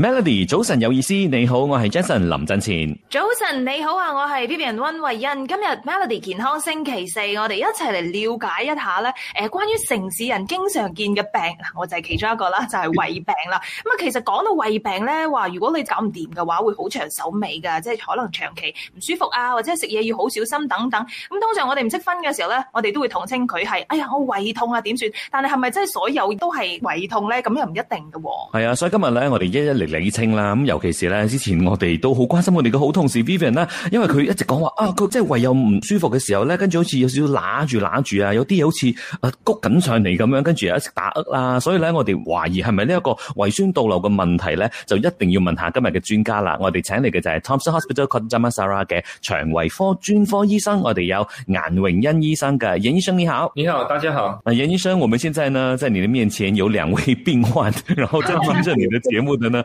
Melody，早晨有意思，你好，我係 Jason 林振前。早晨你好啊，我係 Vivian 溫慧欣。今日 Melody 健康星期四，我哋一齊嚟了解一下咧，誒、呃，關於城市人經常見嘅病，我就係其中一個啦，就係、是、胃病啦。咁啊，其實講到胃病咧，話如果你搞唔掂嘅話，會好長手尾噶，即係可能長期唔舒服啊，或者食嘢要好小心等等。咁通常我哋唔識分嘅時候咧，我哋都會統稱佢係，哎呀，我胃痛啊，點算？但係係咪真係所有都係胃痛咧？咁又唔一定噶、啊。係啊，所以今日咧，我哋一一嚟理清啦，咁尤其是咧，之前我哋都好關心我哋嘅好同事 Vivian 啦，因為佢一直講話啊，佢即係胃有唔舒服嘅時候咧，跟住好似有少少揦住揦住啊，有啲嘢好似啊谷緊上嚟咁樣，跟住又一直打呃啦，所以咧我哋懷疑係咪呢一個胃酸倒流嘅問題咧，就一定要問下今日嘅專家啦。我哋請嚟嘅就係 Thomson Hospital Kota Damansara 嘅腸胃科專科醫生，我哋有顏榮恩醫生嘅，顏醫生你好，你好，大家好，啊，顏醫生，我們現在呢在你哋面前有兩位病患， 然後就聽着你嘅節目嘅呢。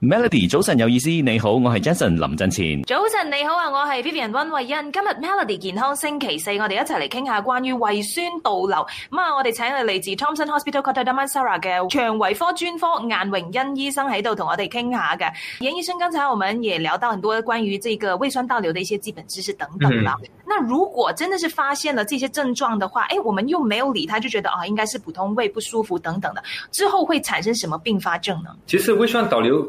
Melody，早晨有意思，你好，我係 Jason 林振前。早晨你好啊，我係 Vivian 溫慧欣。今日 Melody 健康星期四，我哋一齊嚟傾下關於胃酸倒流。咁啊，我哋請嚟嚟自 Thompson Hospital Doctor Dr Sara 嘅腸胃科專科顏榮欣醫生喺度同我哋傾下嘅。顏醫生，剛才我們也聊到很多關於這個胃酸倒流的一些基本知識等等啦。嗯、那如果真的是發現了這些症狀的話，誒、哎，我們又沒有理他，就覺得啊、哦，應該是普通胃不舒服等等的，之後會產生什麼併發症呢？其實胃酸倒流。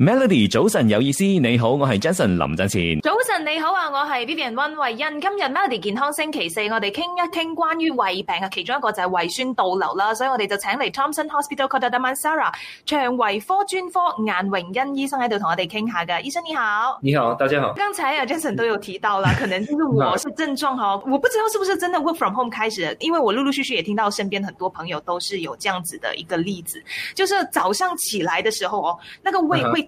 Melody，早晨有意思，你好，我係 Jason 林振前。早晨你好啊，我係 Vivian 溫慧欣。今日 Melody 健康星期四，我哋傾一傾關於胃病嘅，其中一個就係胃酸倒流啦，所以我哋就請嚟 Thomson Hospital Kota Damansara 腸胃科專科顏榮恩醫生喺度同我哋傾下嘅。醫生你好，你好，大家好。剛才啊，Jason 都有提到啦 可能就是我是症狀哦，我不知道是不是真的 work from home 開始，因為我陸陸續續也聽到身邊很多朋友都是有這樣子的一個例子，就是早上起來的時候哦，那個胃會、uh。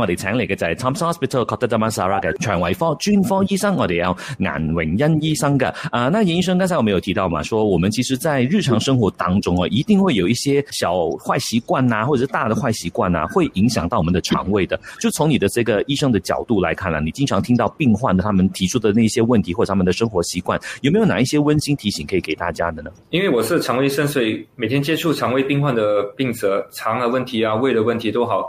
我哋請嚟嘅就係 Tom s Hospital Doctor Dr Sarah 嘅腸胃科專科醫生，我哋有顏榮欣醫生嘅。啊，那顏醫生剛才我們有提到嘛，說我們其實，在日常生活當中啊、哦，一定會有一些小壞習慣啊，或者是大的壞習慣啊，會影響到我們的腸胃的。就從你的這個醫生的角度來看啦、啊，你經常聽到病患的他們提出的那些問題，或者他們的生活習慣，有沒有哪一些溫馨提醒可以給大家的呢？因為我是腸胃醫生，所以每天接觸腸胃病患的病者，腸的問題啊，胃的問題都好。